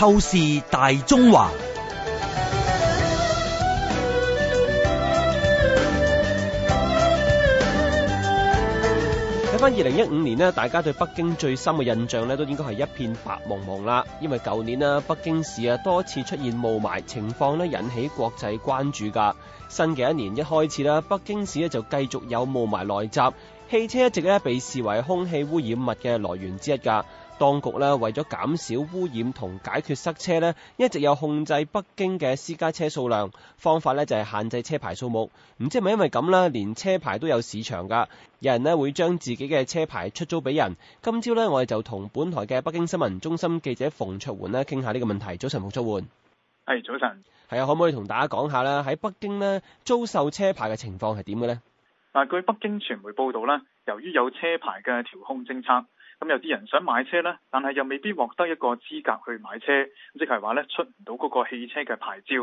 透視大中華。睇翻二零一五年咧，大家對北京最深嘅印象咧，都應該係一片白茫茫啦。因為舊年北京市啊多次出現霧霾情況咧，引起國際關注噶。新嘅一年一開始啦，北京市咧就繼續有霧霾來襲。汽車一直咧被視為空氣污染物嘅來源之一噶。當局咧為咗減少污染同解決塞車咧，一直有控制北京嘅私家車數量，方法咧就係限制車牌數目。唔知係咪因為咁啦？連車牌都有市場噶，有人咧會將自己嘅車牌出租俾人。今朝呢，我哋就同本台嘅北京新聞中心記者馮卓垣咧傾下呢個問題。早晨，馮卓垣。係早晨。係啊，可唔可以同大家講下咧？喺北京呢，租售車牌嘅情況係點嘅呢？嗱，據北京傳媒報道咧，由於有車牌嘅調控政策。咁有啲人想買車呢，但係又未必獲得一個資格去買車，即係話呢出唔到嗰個汽車嘅牌照。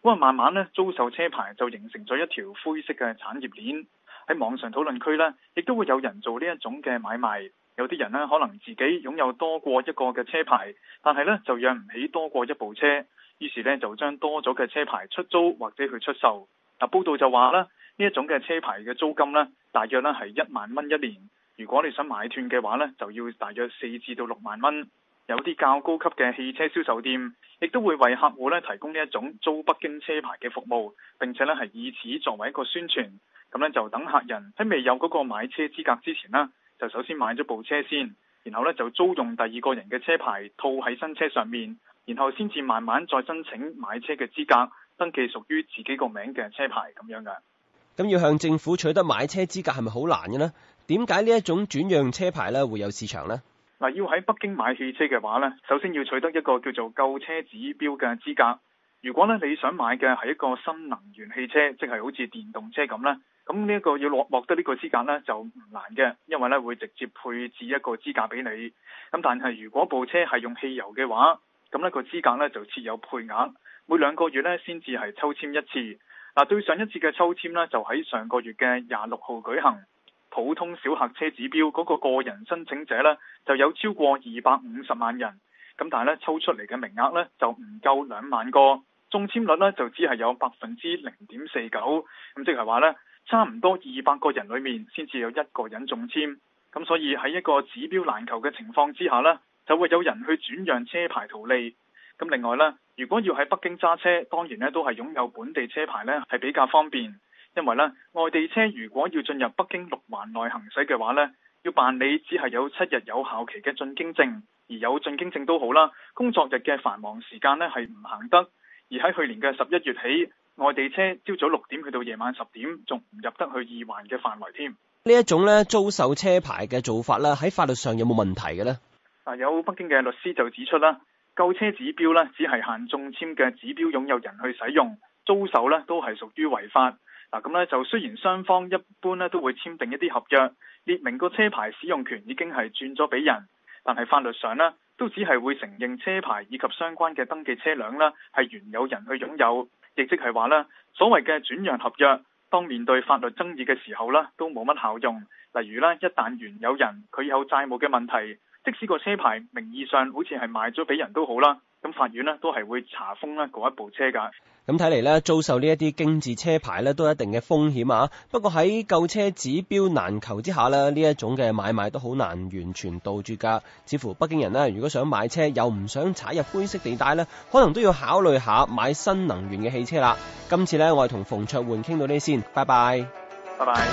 咁啊，慢慢呢租售車牌就形成咗一條灰色嘅產業鏈。喺網上討論區呢，亦都會有人做呢一種嘅買賣。有啲人呢，可能自己擁有多過一個嘅車牌，但係呢就養唔起多過一部車，於是呢，就將多咗嘅車牌出租或者去出售。嗱，報道就話呢，呢一種嘅車牌嘅租金呢，大約呢係一萬蚊一年。如果你想買斷嘅話咧，就要大約四至到六萬蚊。有啲較高級嘅汽車銷售店，亦都會為客戶咧提供呢一種租北京車牌嘅服務，並且咧係以此作為一個宣傳。咁咧就等客人喺未有嗰個買車資格之前啦，就首先買咗部車先，然後咧就租用第二個人嘅車牌套喺新車上面，然後先至慢慢再申請買車嘅資格，登記屬於自己個名嘅車牌咁樣嘅。咁要向政府取得買車資格係咪好難嘅呢？點解呢一種轉讓車牌咧會有市場呢？嗱，要喺北京買汽車嘅話咧，首先要取得一個叫做購車指標嘅資格。如果咧你想買嘅係一個新能源汽車，即係好似電動車咁咧，咁呢個要落獲得呢個資格咧就唔難嘅，因為咧會直接配置一個資格俾你。咁但係如果部車係用汽油嘅話，咁呢個資格咧就設有配額，每兩個月咧先至係抽簽一次。嗱，對上一次嘅抽簽咧就喺上個月嘅廿六號舉行。普通小客車指標嗰個個人申請者呢，就有超過二百五十萬人，咁但係咧抽出嚟嘅名額呢，就唔夠兩萬個，中簽率呢，就只係有百分之零點四九，咁即係話呢，差唔多二百個人裏面先至有一個人中簽，咁所以喺一個指標難求嘅情況之下呢，就會有人去轉讓車牌圖利，咁另外呢，如果要喺北京揸車，當然呢，都係擁有本地車牌呢，係比較方便。因為咧，外地車如果要進入北京六環內行駛嘅話咧，要辦理只係有七日有效期嘅進京證，而有進京證都好啦，工作日嘅繁忙時間咧係唔行得，而喺去年嘅十一月起，外地車朝早六點去到夜晚十點，仲唔入得去二環嘅範圍添。呢一種咧租售車牌嘅做法啦，喺法律上有冇問題嘅呢？啊，有北京嘅律師就指出啦，購車指標咧只係限中籤嘅指標擁有人去使用，租售咧都係屬於違法。嗱，咁呢就雖然雙方一般呢都會簽訂一啲合約，列明個車牌使用權已經係轉咗俾人，但係法律上呢都只係會承認車牌以及相關嘅登記車輛呢係原有人去擁有，亦即係話呢所謂嘅轉讓合約，當面對法律爭議嘅時候呢都冇乜效用。例如呢，一旦原有人佢有債務嘅問題，即使個車牌名義上好似係賣咗俾人都好啦。咁法院呢都係會查封呢嗰一部車噶。咁睇嚟呢，租售呢一啲經致車牌呢都有一定嘅風險啊。不過喺購車指標難求之下呢，呢一種嘅買賣都好難完全杜絕噶。似乎北京人呢，如果想買車又唔想踩入灰色地帶呢，可能都要考慮下買新能源嘅汽車啦。今次呢我係同馮卓垣傾到呢先，拜拜，拜拜。